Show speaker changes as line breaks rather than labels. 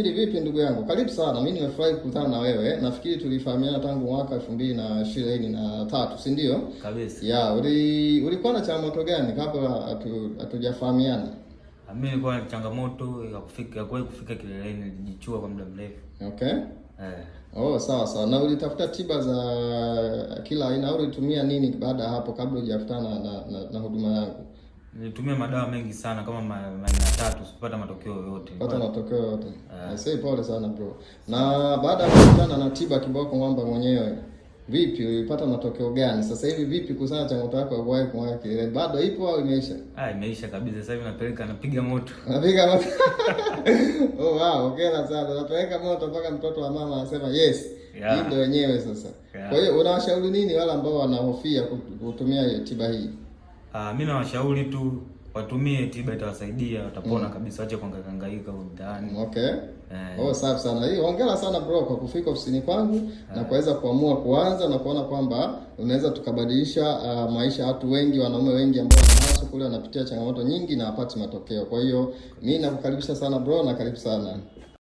Unafikiri vipi ndugu yangu? Karibu sana. Mimi nimefurahi kukutana na wewe. Nafikiri tulifahamiana tangu mwaka 2023, si ndio? Kabisa. Yeah, uli ulikuwa na changamoto gani kabla hatujafahamiana?
Ah, mimi nilikuwa na changamoto ya kufika ya kuwahi kufika kileleni, nilijichua kwa muda mrefu. Okay. Eh.
Oh, sawa sawa. Na ulitafuta tiba za kila aina au ulitumia nini baada ya hapo kabla hujakutana na, na, na, na huduma yangu?
Nilitumia madawa mengi sana kama mara tatu, sipata matokeo yote.
Pata matokeo yote. Yeah. Sasa pole sana bro. Na baada ya kukutana na tiba kiboko mwamba mwenyewe, vipi ulipata matokeo gani? Sasa hivi vipi kusana changamoto yako ya kuwahi kuwahi ile bado ipo au imeisha?
Ah, imeisha kabisa. Sasa hivi napeleka napiga moto.
Napiga moto. Oh wow, okay na sana. Napeleka moto mpaka mtoto wa mama anasema yes. Yeah. ndio wenyewe sasa. Yeah. Kwa hiyo unawashauri nini wale ambao wanahofia kutumia tiba hii?
Ah, mimi nawashauri tu watumie tiba, itawasaidia watapona mm. kabisa, wache kuhangaika hangaika huko mtaani.
Okay. Eh. Oh, safi sana. Hii hongera sana bro kwa kufika ofisini kwangu eh, na kuweza kuamua kuanza na kuona kwamba unaweza tukabadilisha uh, maisha ya watu wengi, wanaume wengi ambao wanaso kule wanapitia changamoto nyingi na wapati matokeo. Kwa hiyo mimi nakukaribisha sana bro na karibu sana.